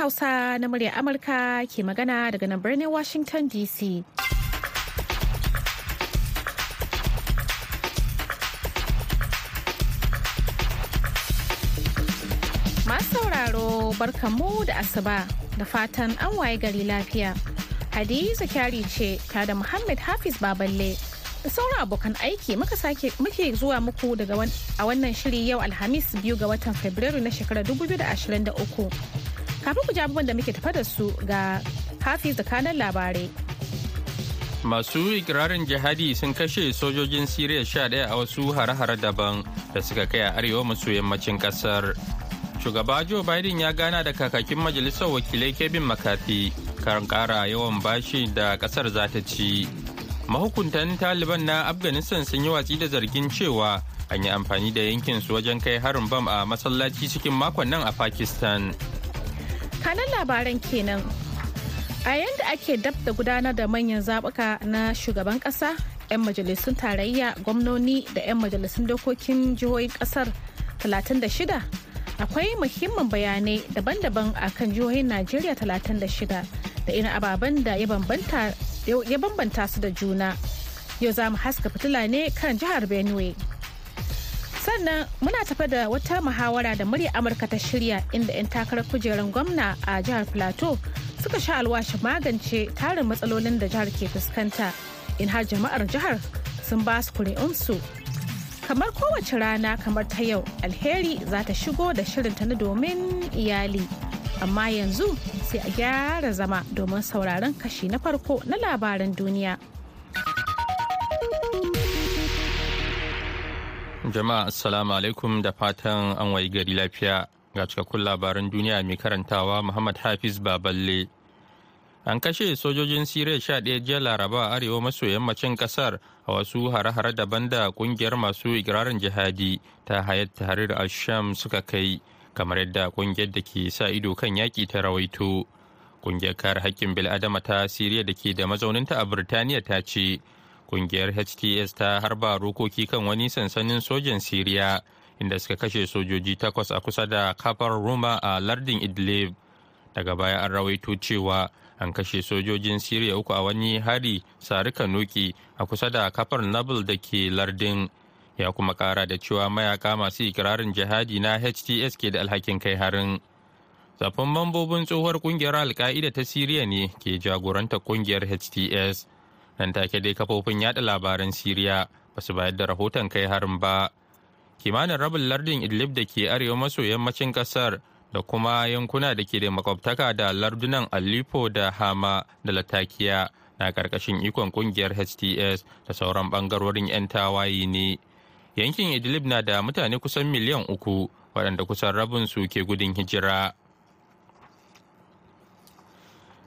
Hausa na murya Amurka ke magana daga nan birnin Washington DC. Masu sauraro barkamu da asuba da fatan an waye gari lafiya. Hadiza kyari ce ta da Muhammad Hafiz Baballe da sauran abokan aiki muka muke zuwa muku daga a wannan shiri yau Alhamis biyu ga watan Fabrairu na shekarar 2023. Kafin ku ji abubuwan da muke tafa da su ga Hafiz da kanan labarai. Masu ikirarin jihadi sun kashe sojojin Siriya sha ɗaya a wasu hare-hare daban da suka kai a arewa maso yammacin ƙasar. Shugaba Joe Biden ya gana da kakakin majalisar wakilai Kevin McCarthy kan ƙara yawan bashi da ƙasar za ta ci. Mahukuntan Taliban na Afghanistan sun yi watsi da zargin cewa an yi amfani da yankinsu wajen kai harin bam a masallaci cikin makon nan a Pakistan. kanan labaran kenan a yadda ake dab da gudanar da manyan zaɓuka na shugaban ƙasa 'yan majalisun tarayya gwamnoni da 'yan majalisun dokokin jihohin ƙasar 36 akwai muhimmin bayanai daban-daban a kan jihohin najeriya 36 da ina ababen da ya bambanta su da juna yau za mu haska fitila ne kan jihar benue sannan muna tafa da wata muhawara da murya amurka ta shirya inda 'yan takarar kujerar gwamna a jihar plateau suka sha alwashi magance tarin matsalolin da jihar ke fuskanta in har jama'ar jihar sun ba su kuri'unsu kamar kowace rana kamar ta yau alheri za ta shigo da shirin ta na domin iyali amma yanzu sai a gyara zama domin sauraron kashi na farko na labaran duniya. Jama'a Assalamu alaikum da fatan an wayi gari lafiya ga cikakkun labaran duniya mai karantawa Muhammad Hafiz Baballe. An kashe sojojin Siriya sha ɗaya jiya Laraba arewa maso yammacin ƙasar a wasu hare-hare daban da ƙungiyar masu ikirarin jihadi ta Hayat Tahrir al-Sham suka kai kamar yadda ƙungiyar da ke sa ido kan yaƙi ta rawaito. Ƙungiyar kare haƙƙin bil'adama ta Siriya da ke da mazauninta a Birtaniya ta ce kungiyar hts ta harba rukoki kan wani sansanin sojan siriya inda suka kashe sojoji takwas a kusa da kafar roma a lardin idlib daga baya an rawaito cewa an kashe sojojin siriya uku a wani hari sarika noki a kusa da kafar nabil da ke lardin ya kuma kara da cewa mayaka masu ikirarin jihadi na hts ke da alhakin kai harin zafin mambobin tsohuwar kungiyar alka'ida ta siriya ne ke jagoranta kungiyar hts nan take dai kafofin yada labaran siriya ba su bayar da rahoton kai harin ba kimanin rabin lardin idlib da ke arewa maso yammacin kasar da kuma yankuna da ke da makwabtaka da lardunan alipo da hama da latakiya na karkashin ikon kungiyar hts da sauran bangarorin 'yan tawaye ne yankin idlib na da mutane kusan miliyan uku waɗanda kusan rabin su ke gudun hijira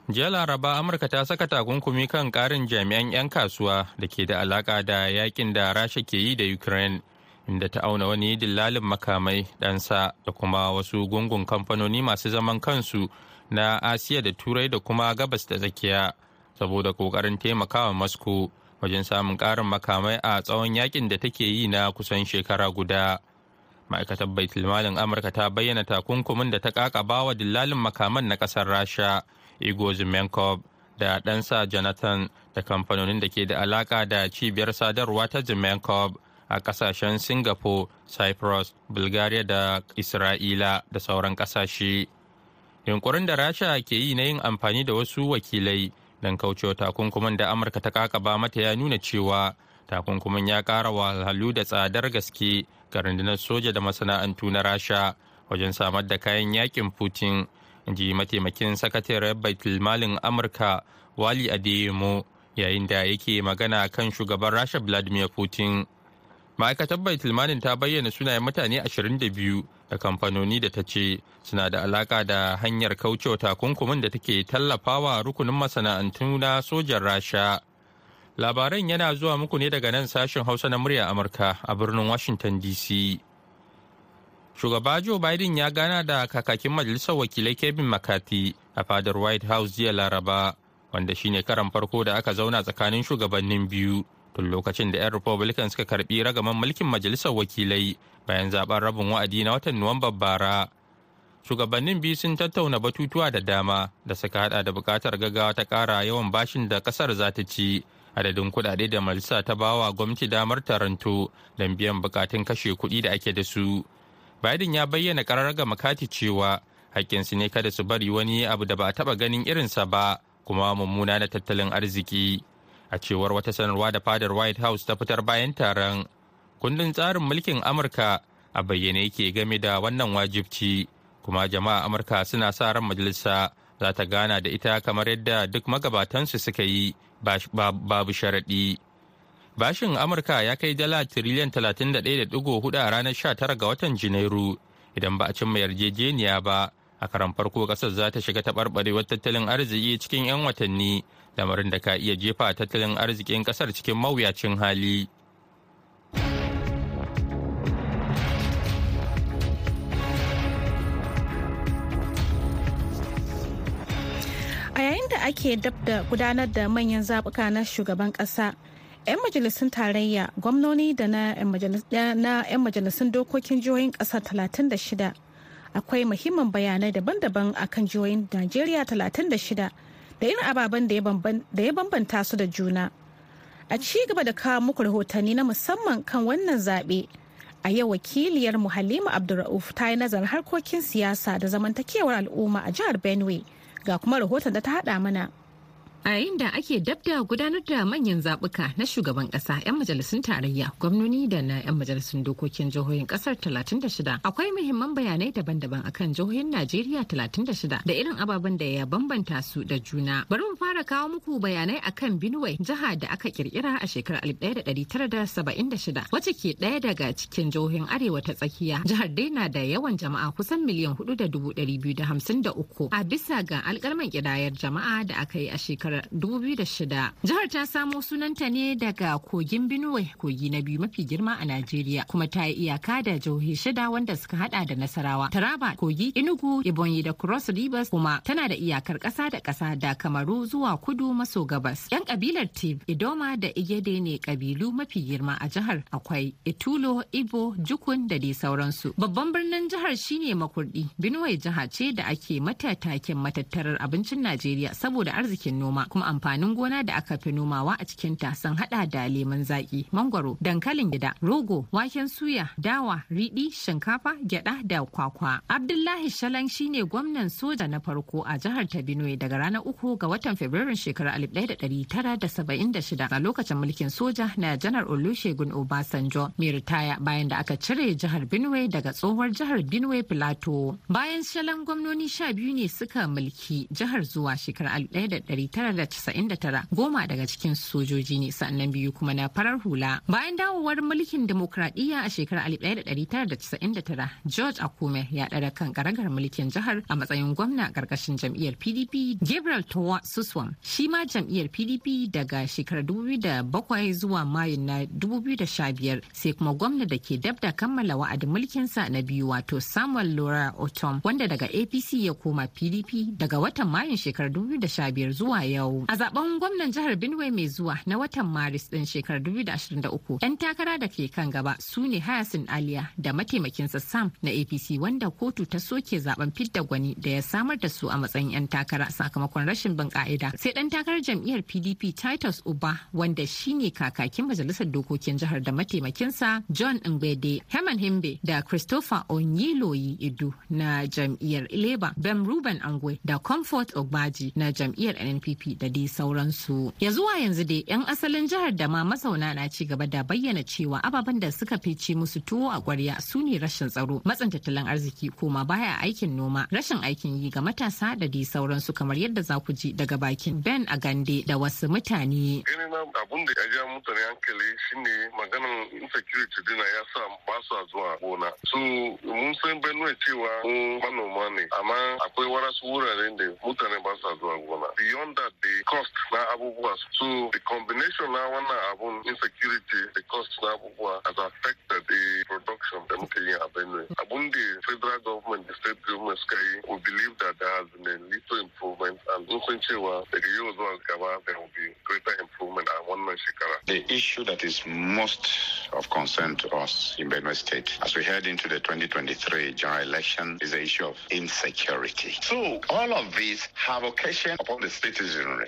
jiya laraba amurka ta saka takunkumi kan karin jami'an 'yan kasuwa da ke da alaka da yakin da rasha ke yi da ukraine inda ta auna wani dillalin makamai ɗansa da kuma wasu gungun kamfanoni masu zaman kansu na asiya da turai da kuma gabas da tsakiya saboda kokarin taimakawa moscow wajen samun ƙarin makamai a tsawon yakin da take yi na kusan shekara guda ma'aikatar baitulmalin amurka ta bayyana takunkumin da ta kakaba wa dillalin makaman na ƙasar rasha igor zimenkov da ɗansa jonathan da kamfanonin da ke da alaƙa da cibiyar sadarwa ta zimenkov a ƙasashen singapore cyprus bulgaria da isra'ila da sauran ƙasashe yunkurin da rasha ke yi na yin amfani da wasu wakilai don kaucewa takunkuman da amurka ta kakaba mata ya nuna cewa takunkumin ya ƙara wahalhalu da tsadar gaske ga rundunar soja da masana'antu na rasha wajen samar da kayan yakin putin ji mataimakin sakataren baitul malin amurka wali adeyemo yayin da yake magana kan shugaban rasha vladimir putin ma'aikatar baitul malin ta bayyana sunayen mutane 22 da kamfanoni da ta ce suna da alaka da hanyar kaucewa takunkumin da take tallafawa rukunin masana'antu na sojan rasha labaran yana zuwa muku ne daga nan sashen hausa na murya amurka a birnin washington dc Shugaba Joe Biden ya gana da kakakin majalisar wakilai Kevin McCarthy a fadar White House jiya Laraba, wanda shine karan farko da aka zauna tsakanin shugabannin biyu tun lokacin da 'yan Republican suka karbi ragaman mulkin majalisar wakilai bayan zaben rabin wa'adi na watan Nuwamban bara. Shugabannin biyu sun tattauna batutuwa da dama da suka hada da bukatar gaggawa ta kara yawan bashin da kasar za ta ci. adadin kudade da majalisa ta bawa gwamnati damar taranto don biyan bukatun kashe kuɗi da ake da su biden ya bayyana karar ga makati cewa hakkinsu ne kada su bari wani abu da ba a taɓa ganin irinsa ba kuma mummuna na tattalin arziki a cewar wata sanarwa da fadar white house ta fitar bayan taron kundin tsarin mulkin amurka a bayyane yake game da wannan wajibci kuma jama'a amurka suna sa ran majalisa za ta gana da ita kamar yadda duk magabatansu suka yi babu sharaɗi. Bashin Amurka ya kai dala tiriliyan 31.4 a ranar 19 ga watan Janairu idan ba a cimma yarjejeniya ba a karan farko kasar za ta shiga taɓarɓarewar tattalin arziki cikin 'yan watanni lamarin da ka iya jefa tattalin arzikin kasar cikin mawuyacin hali. a yayin da ake dab da gudanar da manyan zabuka na shugaban kasa 'yan majalisun tarayya gwamnoni da na 'yan majalisun dokokin jihohin ƙasa 36 akwai muhimman bayanai daban-daban akan jihohin najeriya 36 da irin ababen da ya bambanta su da juna a ci gaba da kawo muku rahotanni na musamman kan wannan zaɓe a yau wakiliyar halima abdulra'uf ta yi nazarin harkokin siyasa da zamantakewar al'umma a jihar benue ga kuma rahoton da ta haɗa mana. a yayin da ake dabda gudanar da manyan zabuka na shugaban kasa 'yan majalisun tarayya gwamnoni da na 'yan majalisun dokokin jihohin kasar 36 akwai muhimman bayanai daban-daban akan jihohin najeriya 36 da irin ababen da ya bambanta su da juna bari mu fara kawo muku bayanai akan Binuwai, jiha da aka kirkira a shekarar 1976 wacce ke ɗaya daga cikin jihohin arewa ta tsakiya jihar dai na da yawan jama'a kusan miliyan 4,253 a bisa ga alkalman kidayar jama'a da aka yi a shekarar shekarar 2006. Jihar ta samo sunanta ne daga kogin Binuwe kogi na biyu mafi girma a Najeriya, kuma ta yi iyaka da jihohi shida wanda suka hada da Nasarawa, Taraba, Kogi, Inugu, Ebonyi da Cross Rivers kuma tana da iyakar ƙasa da ƙasa da Kamaru zuwa kudu maso gabas. 'Yan kabilar Tib, Idoma da Igede ne kabilu mafi girma a jihar akwai Itulo, Ibo, Jukun da dai sauransu. Babban birnin jihar shine Makurdi. Binuwe jiha ce da ake mata taken matattarar abincin Najeriya saboda arzikin noma. kuma amfanin gona da aka fi nomawa a cikin ta sun hada da leman zaki mangwaro dankalin gida rogo waken suya dawa riɗi shinkafa gyada da kwakwa abdullahi shalan shine gwamnan soja na farko a jihar ta benue daga ranar uku ga watan fabrairun shekarar 1976 a lokacin mulkin soja na janar olusegun obasanjo mai ritaya bayan da aka cire jihar benue daga tsohuwar jihar benue plateau bayan shalan gwamnoni sha biyu ne suka mulki jihar zuwa shekarar goma daga cikin sojoji ne sannan biyu kuma na farar hula bayan dawowar mulkin demokradiyya a shekarar 1999 george akume ya ɗara kan karagar mulkin jihar a matsayin gwamna karkashin jam'iyyar pdp gabriel towa suswam shi ma jam'iyyar pdp daga shekarar 2007 zuwa mayu na 2015 sai kuma gwamna da ke dab da kammala wa'adin sa na biyu wato samuel lora otom wanda daga apc ya koma pdp daga watan mayun shekarar 2015 zuwa yau. A zaben gwamnan jihar Benue mai zuwa na watan Maris ɗin shekarar 2023 'yan takara da ke kan gaba su ne Hayasin Aliya da mataimakinsa Sam na APC wanda kotu ta soke zaben fidda gwani da ya samar da su a matsayin 'yan takara sakamakon rashin bin ka'ida. Sai ɗan takarar jam'iyyar PDP Titus Uba wanda shine kakakin majalisar dokokin jihar da mataimakinsa John Ngbede, Herman Himbe da Christopher Onyiloyi Idu na jam'iyyar Labour, Ben Ruben Angwe da Comfort Ogbaji na jam'iyyar NPP rigakafi da dai sauransu ya zuwa yanzu dai yan asalin jihar da ma mazauna na ci gaba da bayyana cewa ababen da suka fice musu tuwo a kwarya su ne rashin tsaro matsin tattalin arziki ko ma baya aikin noma rashin aikin yi ga matasa da dai sauransu kamar yadda za ku ji daga bakin ben agande da wasu mutane abun da ya ja mutane hankali shine maganan insecurity dina ya sa ba su zuwa gona su mun san benue cewa manoma ne amma akwai wasu wuraren da mutane ba su zuwa gona beyond that the cost na abubuwa so the combination na wannan abun insecurity the cost na abubuwa has affected the production of muke yin Benue abun federal government the state government Sky. we believe that there has been a little improvement and mun san cewa daga yau zuwa gaba there will be greater improvement a wannan shekara the issue that is most of concern to us in Benue state as we head into the 2023 general election is the issue of insecurity so all of these have occasion upon the citizens a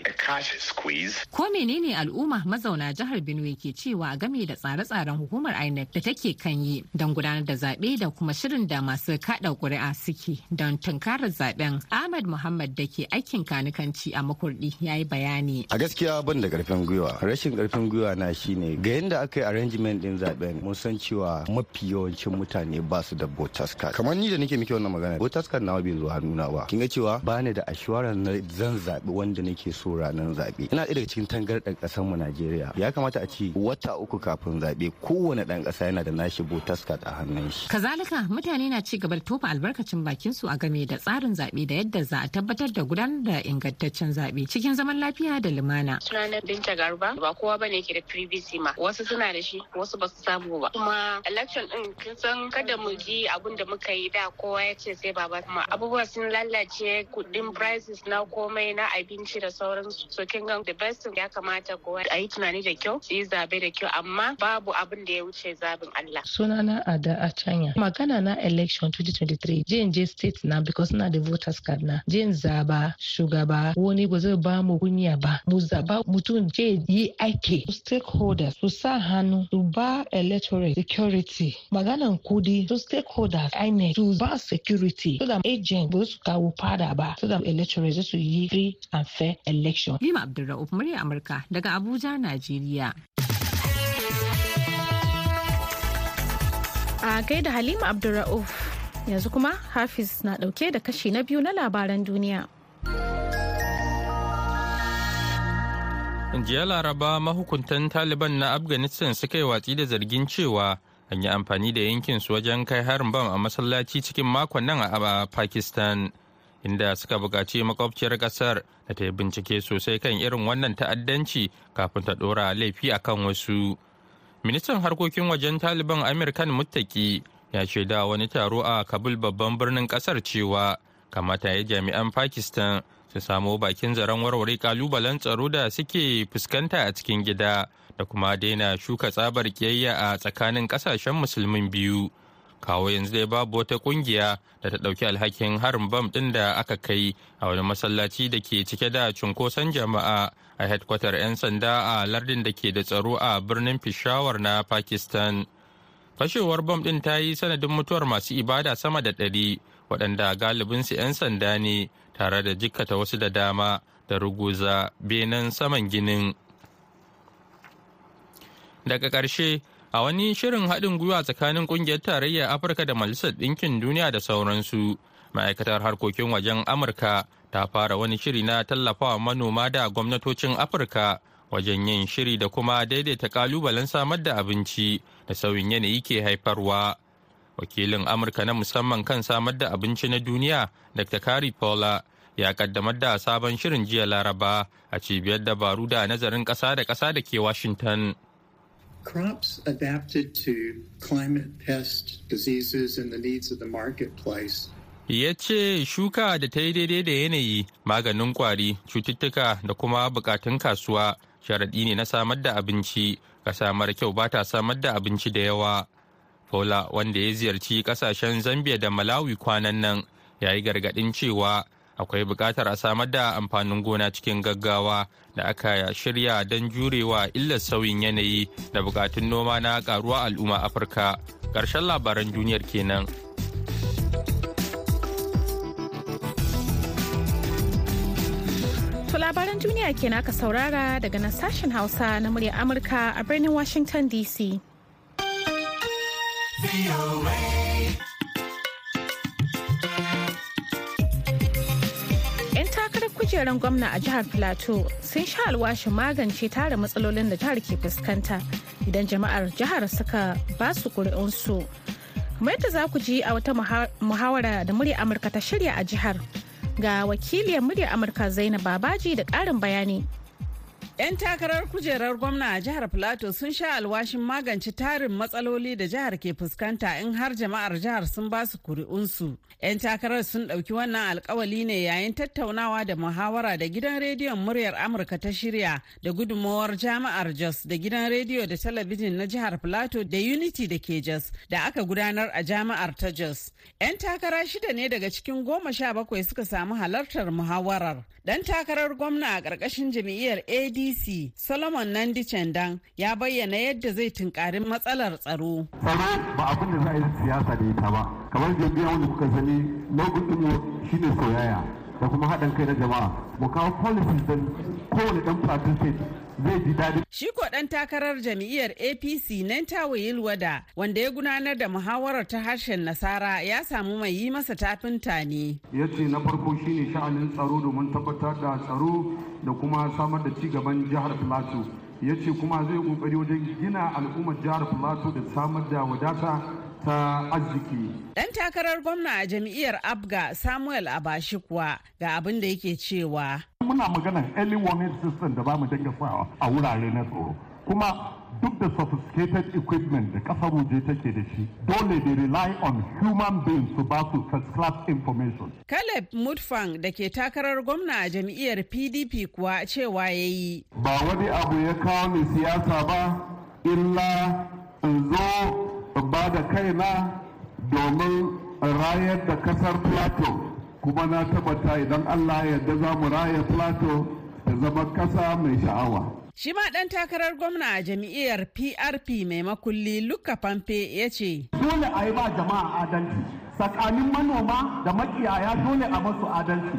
Ko menene al'umma mazauna jihar Benue ke cewa game da tsare-tsaren hukumar INEC da take kan yi don gudanar da zaɓe da kuma shirin da masu kaɗa ƙuri'a suke don tunkarar zaɓen. Ahmad Muhammad da ke aikin kanikanci a makurɗi ya yi bayani. A gaskiya ban da ƙarfin gwiwa. Rashin ƙarfin gwiwa na shine ga yadda aka yi arrangement ɗin zaɓen mun san cewa mafi yawancin mutane ba su da voters card. Kamar ni da nake miki wannan magana voters card nawa bai zo hannuna ba. Kin ga cewa ba ni da assurance na zan zaɓi wanda nake ake so ranar zaɓe ina ɗaya daga cikin tangarɗar ƙasar mu Najeriya ya kamata a ce wata uku kafin zaɓe kowane ɗan ƙasa yana da nashi botas kad a hannun shi kazalika mutane na ci gaba da tofa albarkacin bakin su a game da tsarin zaɓe da yadda za a tabbatar da gudanar da ingantaccen zaɓe cikin zaman lafiya da lumana sunana binta garba ba kowa ne ke da pvc ma wasu suna da shi wasu ba su samu ba kuma election ɗin kin san kada mu ji abun da muka yi da kowa ya ce sai baba kuma abubuwa sun lalace kuɗin prices na komai na abinci da sauransu so kin ga the best ya kamata kowa a yi tunani da kyau su yi zabe da kyau amma babu abin da ya wuce zabin Allah sunana Ada Achanya magana na election 2023 JNJ state na because na da voters card na jin zaba shugaba wani ba zai ba mu kunya ba mu zaba mutum je yi aiki stakeholders su sa hannu su ba electorate security maganan kudi su stakeholders INEC su ba security so da agent ba su kawo fada ba so da electorate su yi free and fair election. Nima Abdulra'uf murya Amurka daga Abuja, Najeriya. A gaida Halima Abdulra'uf yanzu kuma Hafiz na dauke da kashi na biyu na labaran duniya. jiya laraba mahukuntan taliban na afghanistan suka yi watsi da zargin cewa an yi amfani da yankinsu wajen kai harin bam a masallaci cikin makon nan a pakistan inda suka bukaci makwabciyar ƙasar da ta yi bincike sosai kan irin wannan ta'addanci kafin ta ɗora laifi a kan wasu. Ministan harkokin wajen Taliban Amir Khan Muttaki ya da wani taro a Kabul babban birnin ƙasar cewa kamata ya jami'an Pakistan su samo bakin zaren warware kalubalen tsaro da suke fuskanta a cikin gida da kuma daina shuka tsabar kiyayya a tsakanin ƙasashen musulmin biyu. kawo yanzu dai babu wata kungiya da ta ɗauki alhakin harin bam ɗin da aka kai a wani masallaci da ke cike da cunkoson jama'a a hedkwatar 'yan sanda a lardin da ke da tsaro a birnin fishawar na pakistan fashewar bam ɗin ta yi sanadin mutuwar masu ibada sama da ɗari waɗanda galibinsu 'yan sanda ne tare da jikkata wasu da dama da ruguza benen saman ginin daga ƙarshe a wani shirin haɗin gwiwa tsakanin ƙungiyar tarayya afirka da majalisar ɗinkin duniya da sauransu ma'aikatar harkokin wajen amurka ta fara wani shiri na tallafawa manoma da gwamnatocin afirka wajen yin shiri da kuma daidaita ƙalubalen samar da abinci da sauyin yanayi ke haifarwa wakilin amurka na musamman kan samar da abinci na duniya dr kari paula ya kaddamar da sabon shirin jiya laraba a cibiyar dabaru da nazarin ƙasa da ƙasa da ke washington crops adapted to climate pest diseases and the needs of the marketplace. Ya ce shuka da ta yi daidai da yanayi maganin kwari, cututtuka da kuma bukatun kasuwa sharaɗi ne na samar da abinci, ƙasa samar kyau ba ta samar da abinci da yawa. Paula wanda ya ziyarci ƙasashen Zambia da Malawi kwanan nan ya yi gargaɗin cewa akwai bukatar a samar da amfanin gona cikin gaggawa da aka shirya don jurewa illar sauyin yanayi da bukatun noma na ƙaruwa al'umma afirka karshen labaran duniyar kenan. To labaran duniya kenan aka saurara daga nan sashen hausa na murya amurka a birnin washington dc. kujeran gwamna a jihar plateau sun sha alwashin magance tara matsalolin da jihar ke fuskanta idan jama'ar jihar suka ba su kuri'unsu kamar yadda za ku ji a wata muhawara da murya amurka ta shirya a jihar ga wakiliyar murya amurka zainab babaji da ƙarin bayani 'Yan takarar kujerar gwamna a jihar Plateau sun sha alwashin magance tarin matsaloli da jihar ke fuskanta in har jama'ar jihar sun ba su kuri'unsu. 'Yan takarar sun ɗauki wannan alkawali ne yayin tattaunawa da muhawara da gidan rediyon muryar Amurka ta shirya da gudunmawar jama'ar Jos da gidan rediyo da talabijin na jihar Plateau da Unity da ke Jos da aka gudanar a jama'ar ta Jos. 'Yan takara shida ne daga cikin goma sha bakwai suka samu halartar muhawarar. Ɗan takarar gwamna a ƙarƙashin jam'iyyar AD ndc solomon nandi chandan ya bayyana yadda zai tunkari matsalar tsaro tsaro ba abin da za a yi siyasa da ita ba kamar jami'a wanda kuka sani lokacin shi shine soyayya da kuma haɗin kai na jama'a mu kawo policies don kowane ɗan fatin zai ji daɗi. Shi ko ɗan takarar jam'iyyar APC nan Nentawe Yilwada wanda ya gudanar da muhawarar ta harshen Nasara ya samu mai yi masa tafinta ne. Ya ce na farko shine sha'anin tsaro domin tabbatar da tsaro da kuma samar da ci gaban jihar Plateau. Ya ce kuma zai kokari wajen gina al'ummar jihar Plateau da samar da wadata ta arziki. Ɗan takarar gwamna a jam'iyyar Abga Samuel Abashi ga abin da yake cewa. muna magana early warning system da ba mu dinga sa a wurare na tsoro kuma duk da sophisticated equipment da kasar waje take da shi dole they rely on human beings to ba su first class information. Caleb Mutfang da ke takarar gwamna a jam'iyyar PDP kuwa cewa ya yi. Ba wani abu ya kawo ni siyasa ba illa in zo ba da kaina domin rayar da kasar Plateau. kuma na tabbata idan Allah ya yarda za mu raya plato ta zama kasa mai sha'awa. Shi ma ɗan takarar gwamna a jam'iyyar PRP mai makulli Luka Pampe ya ce. Dole a yi ba jama'a adalci, tsakanin manoma da makiyaya dole a masu adalci.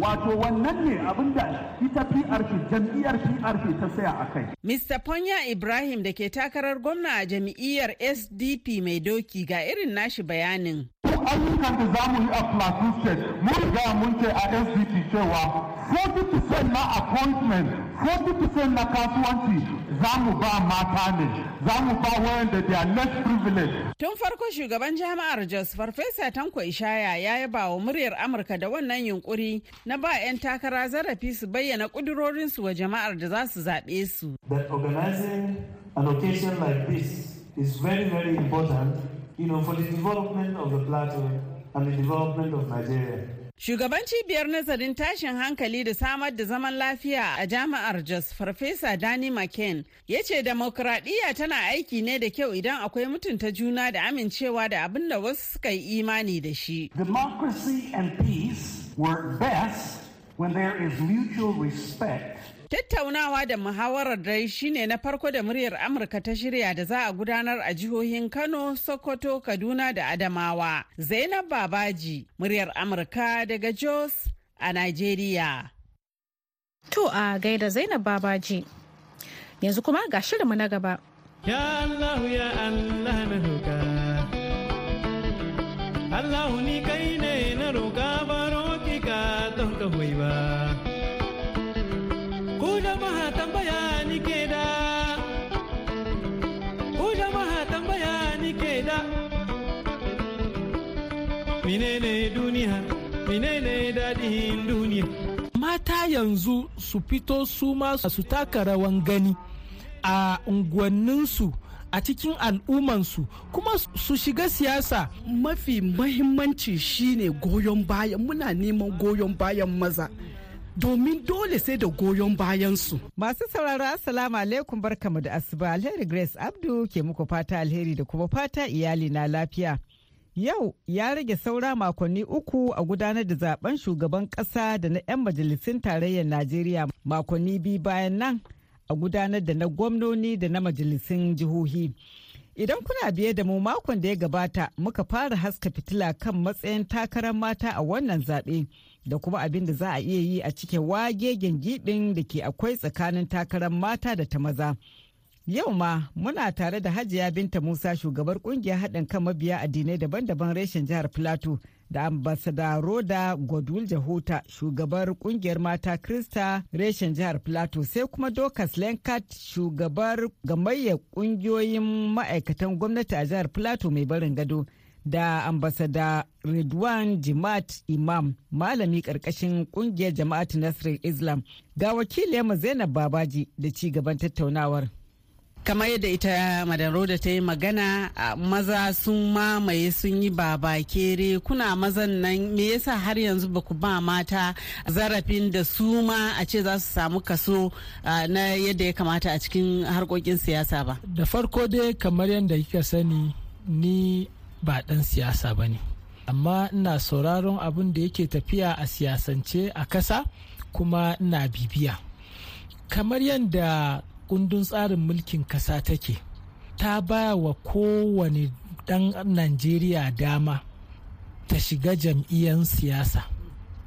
wato wannan ne abin da ita PRP jam'iyyar PRP ta saya a kai. Mr. Ponya Ibrahim da ke takarar gwamna a jam'iyyar SDP mai doki ga irin nashi bayanin. ayyukan da za mu yi a Plateau State, mun ga mun ce a SDP cewa 40% na appointment 40% na kasuwanci za mu ba mata ne za mu ba wayanda da are less privileged. Tun farko shugaban jami'ar Jos Farfesa Tanko Ishaya ya yaba wa muryar Amurka da wannan yunkuri na ba 'yan takara zarafi su bayyana kudurorinsu wa jama'ar da za su zaɓe su. That organizing an occasion like this is very very important you know, for the development of the plateau and the development of Nigeria. Shugaban cibiyar nazarin tashin hankali da samar da zaman lafiya a jami'ar Jos Farfesa Dani McCain ya ce demokuraɗiyya tana aiki ne da kyau idan akwai mutunta juna da amincewa da abin da wasu suka yi imani da shi. Democracy and peace work best when there is mutual respect Tattaunawa da muhawarar dai shine na farko da muryar Amurka ta shirya da za a gudanar a jihohin Kano, Sokoto, Kaduna da Adamawa. Zainab Babaji, muryar Amurka daga Jos a Najeriya. To a gaida Zainab Babaji. Yanzu kuma ga shirinmu na gaba. Ya Allah ya Allah na Allah ni kai ne na roƙa baro ki ka don ka ba. duniya. mata yanzu su fito su ma su taka rawan gani a unguwanninsu a cikin al'ummansu kuma su shiga siyasa mafi mahimmanci shine goyon bayan muna neman goyon bayan maza domin dole sai da goyon bayansu. Masu sauraro Assalamu alaikum barkamu da asuba alheri Grace Abdu ke muku fata alheri da kuma fata iyali na lafiya. Yau ya rage saura makonni uku a gudanar da zaben shugaban ƙasa da na 'yan majalisun tarayyar Najeriya makonni biyu bayan nan a gudanar da na gwamnoni da na majalisun jihohi. Idan kuna biye da mu makon da ya gabata muka fara haska fitila kan matsayin takarar mata a wannan zaɓe da kuma abin da za a iya yi a cike wagegen giɓin da ke akwai tsakanin takarar mata da ta maza. Yau ma muna tare da Hajiya Binta Musa shugabar kungiyar haɗin kan mabiya addinai daban-daban reshen jihar Filato da ambasada Roda Godul Jahuta shugabar kungiyar mata Krista reshen jihar Filato sai kuma Dokas Lenkat shugabar gamayyar kungiyoyin ma'aikatan gwamnati a jihar Filato mai barin gado da ambasada Ridwan Jimat Imam malami karkashin kungiyar jama'atu Nasrin Islam ga wakiliyar Zainab Babaji da ci gaban tattaunawar. kamar yadda ita madan roda ta yi magana maza sun mamaye sun yi kere kuna mazan nan me yasa har yanzu ba ku ba mata zarafin da su ma a ce za su samu kaso na yadda ya kamata a cikin harkokin siyasa ba da farko dai kamar yadda kika sani ni ba dan siyasa ba ne amma ina sauraron abin da yake tafiya a siyasance a kasa kuma ina bibiya kamar yadda kundin tsarin mulkin kasa take ta baya wa kowane ɗan najeriya dama ta shiga jam'iyyar siyasa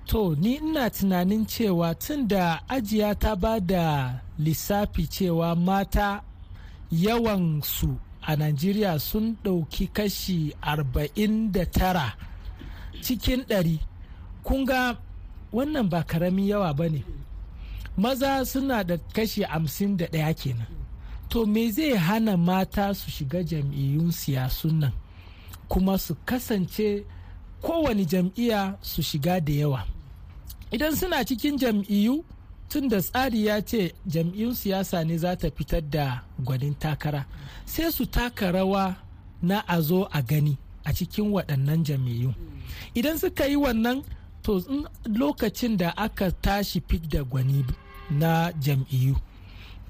to ni ina tunanin cewa tun da ajiya ta ba da lissafi cewa mata yawan su a najeriya sun ɗauki kashi 49 cikin 100 kunga wannan ba karami yawa ba ne maza suna da kashi hamsin da ɗaya kenan to me zai hana mata su shiga jam'iyyun siyasun nan kuma su kasance kowane jam'iyya su shiga da yawa idan suna cikin jam'iyyu tun da tsari ya ce jam'iyyun siyasa ne za ta fitar da gwanin takara sai su taka rawa na a zo a gani a cikin waɗannan jam'iyyu idan suka yi wannan to lokacin da aka tashi fit da gwani na jam'iyyu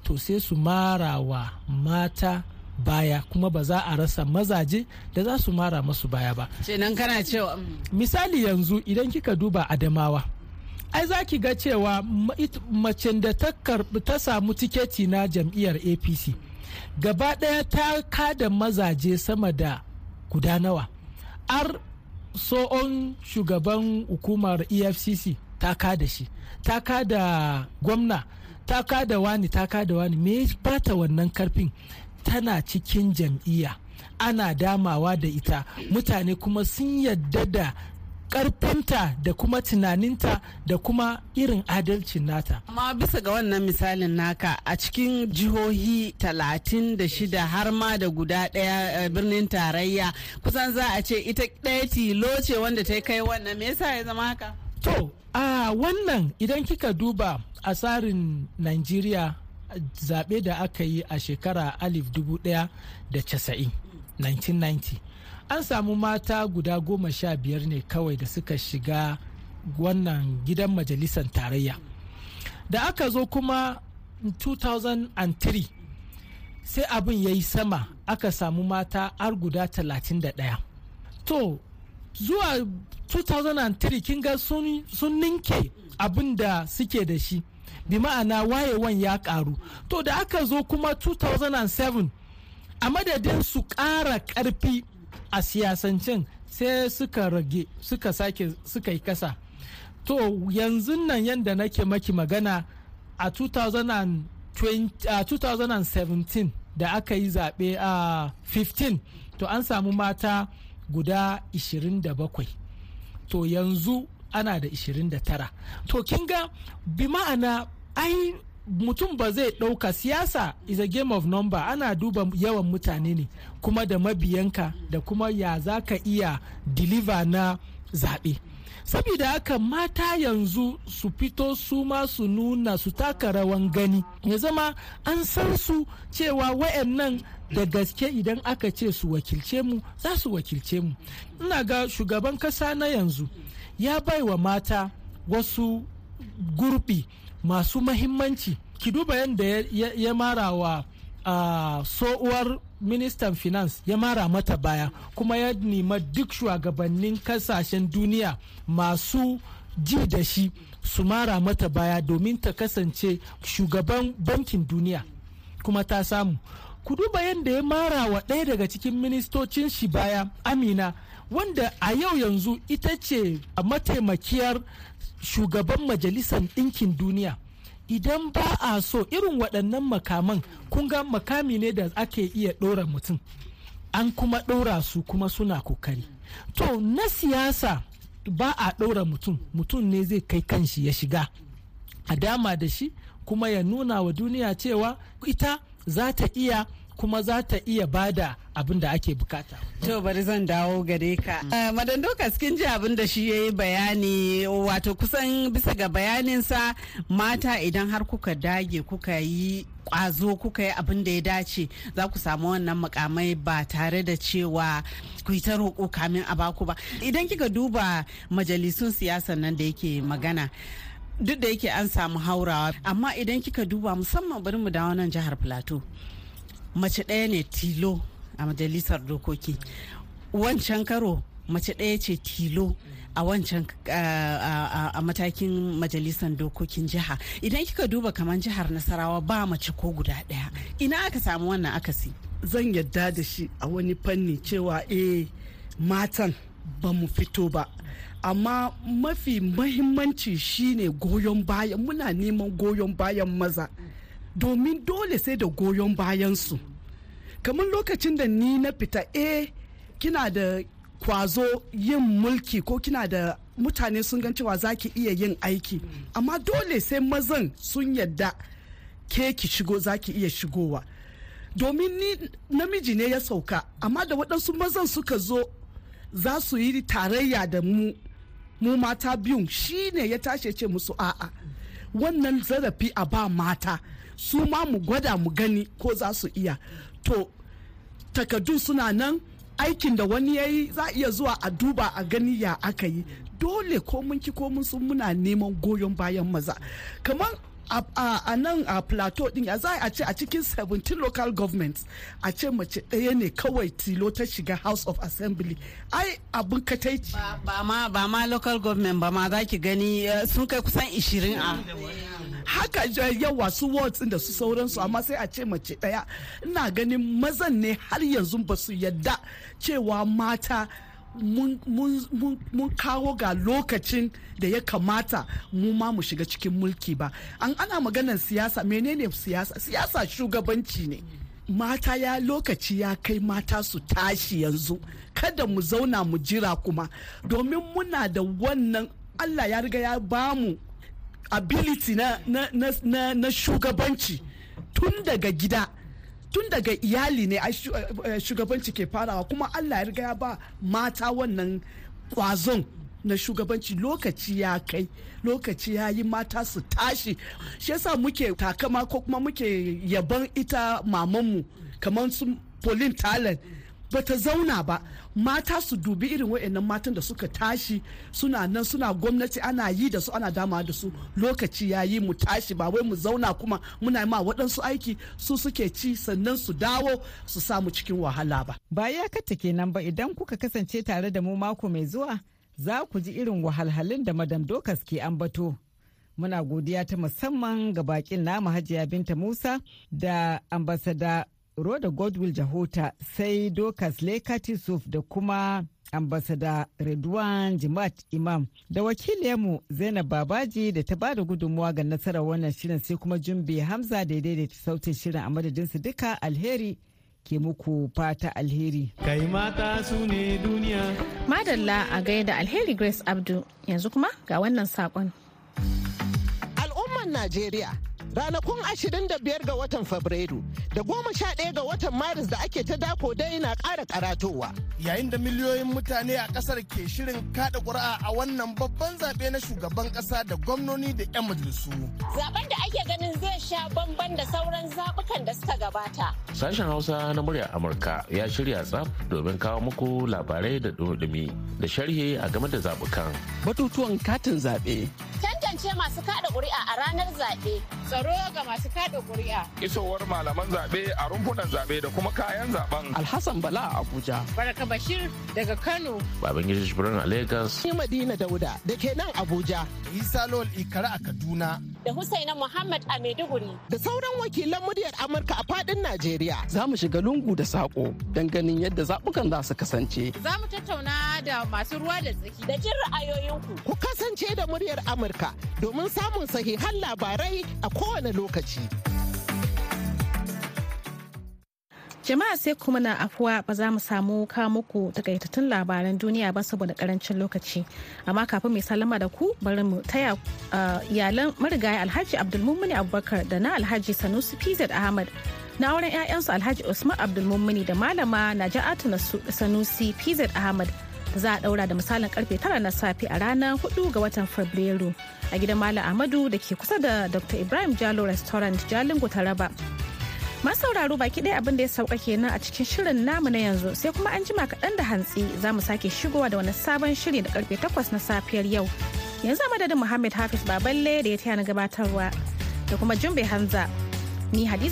to sai su mara wa mata baya kuma ba za a rasa mazaje da za su mara masu baya ba. Kenan kana cewa mm. misali yanzu idan kika duba Adamawa ai za ki ga cewa macen da ta samu tiketi na jam'iyyar APC gaba ɗaya ta kada mazaje sama da guda nawa ar so'on shugaban hukumar EFCC ta kada shi ta kada gwamna ta kada wani ta kada wani me bata wannan karfin tana cikin jam'iyya ana damawa da ita mutane kuma sun yadda da karfinta da kuma tunaninta da kuma irin adalcin nata. Amma bisa ga wannan misalin naka a cikin jihohi talatin da shida har ma da guda daya eh, birnin tarayya kusan za a ce ita ɗaya tilo ce wanda ta kai wannan me yasa ya zama haka? To a wannan idan kika duba a tsarin najeriya zaɓe da aka yi a shekara alif dubu ɗaya da casa'in 1990 an samu mata guda goma sha biyar ne kawai da suka shiga wannan gidan majalisar tarayya da aka zo kuma 2003 sai abin ya yi sama aka samu mata har guda 31 to zuwa 2003 kin ga sun ninke abin da suke da shi bi ma'ana wayewan ya karu to da aka zo kuma 2007 a madadin su ƙara ƙarfi a siyasancin sai suka rage suka sake suka yi kasa to yanzu nan yadda nake maki magana a 2017 da aka yi zaɓe a 15 to an samu mata guda 27 to yanzu ana da 29 to kin ga bi ma'ana ai mutum ba zai ɗauka siyasa is a game of number ana duba yawan mutane ne kuma da mabiyanka da kuma ya za ka iya deliver na zaɓe saboda haka mata yanzu su fito su ma su nuna su taka rawan gani ya zama an san su cewa wayannan da gaske idan aka ce su wakilce mu za su wakilce mu ina ga shugaban kasa na yanzu ya bai wa mata wasu gurbi masu mahimmanci ki duba yadda ya mara wa uh, ministan finance ya mara mata baya kuma ya nima duk shugabannin kasashen duniya masu ji da shi su mara mata baya domin ta kasance shugaban bankin duniya kuma ta samu ku duba yadda ya mara wa ɗaya daga cikin ministocin shi baya amina wanda a yau yanzu ita ce a mataimakiyar shugaban majalisar ɗinkin duniya idan ba a so irin waɗannan makaman kun ga makami ne da ake iya ɗora mutum an kuma ɗora su kuma suna kokari to na siyasa ba a ɗora mutum mutum ne zai kai kanshi ya shiga a dama da shi kuma ya nuna wa duniya cewa ita za ta iya kuma za ta iya bada abin da ake bukata. To bari zan dawo gare ka. Mm. Eh, Madan Dokas kin ji abin da shi ya yi bayani wato kusan bisa ga bayaninsa mata idan har kuka dage kuka yi kwazo kuka yi abin da ya dace za ku samu wannan mukamai ba tare da cewa ku yi ta roƙo kamin a baku ba. Idan kika duba majalisun siyasa nan da yake magana. Duk da yake an samu haurawa amma idan kika duba musamman bari mu dawo nan jihar Plateau. mace ɗaya ne tilo a majalisar dokoki wancan karo mace ɗaya ce tilo a wancan a matakin majalisar dokokin jiha idan kika duba kamar jihar nasarawa ba mace ko guda ɗaya ina aka samu wannan akasi zan yadda da shi a wani fanni cewa eh matan ba mu fito ba amma mafi mahimmanci shine goyon bayan muna neman goyon bayan maza domin dole sai da goyon bayansu kamar lokacin da ni na fita e kina da kwazo yin mulki ko kina da mutane sun gan cewa za ki iya yin aiki amma dole sai mazan sun yadda ke ki shigo za ki iya shigowa domin ni namiji ne ya sauka amma da waɗansu mazan suka zo za su yi tarayya da mu mu mata biyun shi ne ya tashi ce musu a'a wannan zarafi a ba mata su ma mu gwada mu gani ko za su iya to takardun suna nan aikin da wani ya yi za iya zuwa a duba a gani ya aka yi dole ko mun ki ko mun sun muna neman goyon bayan maza kamar a nan a plateau din ya za a ce a cikin 17 local governments a ce mace ɗaya ne kawai tilo ta shiga house of assembly ai abin kataici ba ma ba ma local government ba ma za ki gani eh, sun kai kusan 20 a haka yawa su wards da su sauransu amma sai a ce mace ɗaya ina ganin mazan ne har yanzu ba su yadda cewa mata mun kawo ga lokacin da ya kamata mu ma mu shiga cikin mulki ba an ana maganar siyasa menene siyasa siyasa shugabanci ne mata ya lokaci ya kai mata su tashi yanzu kada mu zauna mu jira kuma domin muna da wannan allah ya riga ya bamu ability na, na shugabanci tun daga gida tun daga iyali ne eh, eh, shugabanci ke farawa kuma allah ya riga ya ba mata wannan kwazon na shugabanci lokaci ya kai lokaci ya yi mata su tashi shi yasa muke takama ko kuma muke yaban ita mamanmu kamar su polin talent bata zauna ba mata su dubi irin wa'annan matan da suka tashi suna nan suna gwamnati ana yi da su ana dama da su lokaci ya yi mu tashi ba wai mu zauna kuma muna ma waɗansu aiki su suke ci sannan su dawo su samu cikin wahala ba ba ya kata kenan ba idan kuka kasance tare da mu mako mai zuwa za ku ji irin wahalhalun da madam dokas ke ambato muna godiya ta musamman ga bakin namu hajiya binta musa da ambasada Roda Godwill Jahota sai Dokas Lekatisuf da kuma ambasada Redwan Jimat Imam da wakiliyarmu Zainab Babaji da ta bada gudunmuwa ga nasarar wannan shirin sai kuma Jumbe Hamza da ta sautin shirin a madadinsu duka alheri ke muku fata alheri. Kai mata su ne duniya. Madalla a gaida alheri Grace Abdu yanzu kuma ga wannan saƙon. Al'ummar Najeriya ranakun 25 ga watan fabrairu da 11 ga watan maris da ake ta dako dai na ƙara karatowa yayin da miliyoyin mutane a ƙasar ke shirin kaɗa ƙuri'a a wannan babban zaɓe na shugaban ƙasa da gwamnoni da 'yan majalisu Zaɓen da ake ganin zai sha bamban da sauran zaɓukan da suka gabata sashen hausa na murya amurka ya shirya tsaf domin kawo muku labarai da dumi da sharhi a game da zaɓukan batutuwan katin zaɓe tantance masu kaɗa ƙuri'a a ranar zaɓe tsaro ga masu kada kuri'a Isowar malaman zaɓe a rumfunan zaɓe da kuma kayan zaɓen. Alhassan Bala a Abuja. Baraka Bashir daga Kano. Babangida Jibrin a Lagos. Ni Madina Dauda da ke nan Abuja. Isa Lol Ikara a Kaduna. Da Husaina Muhammad a Maiduguri. Da sauran wakilan muryar Amurka a faɗin Najeriya. Za mu shiga lungu da saƙo don ganin yadda zaɓukan za su kasance. Za mu tattauna da masu ruwa da tsaki da jin ra'ayoyinku. Ku kasance da muryar Amurka domin samun sahihan labarai a kowane kowane lokaci. Jama'a sai kuma na afuwa ba za mu samu ka muku takaitattun labaran duniya ba saboda karancin lokaci. Amma kafin mai salama da ku bari mu taya iyalan marigayi Alhaji Abdulmumini Abubakar da na Alhaji Sanusi PZ Ahmad na auren 'ya'yansu Alhaji Usman Abdulmumini da malama na na Sanusi PZ Ahmad za a ɗaura da misalin karfe tara na safe a ranar 4 ga watan fabrairu a gidan malam ahmadu da ke kusa da dr ibrahim jalo restaurant jalingo taraba masu sauraro baki ɗaya abin da ya sauka kenan a cikin shirin namu na yanzu sai kuma an jima kaɗan da hantsi za mu sake shigowa da wani sabon shiri da karfe 8 na safiyar yau yanzu a madadin muhammad hafiz baballe da ya taya na gabatarwa da kuma jumbe hanza ni hadiza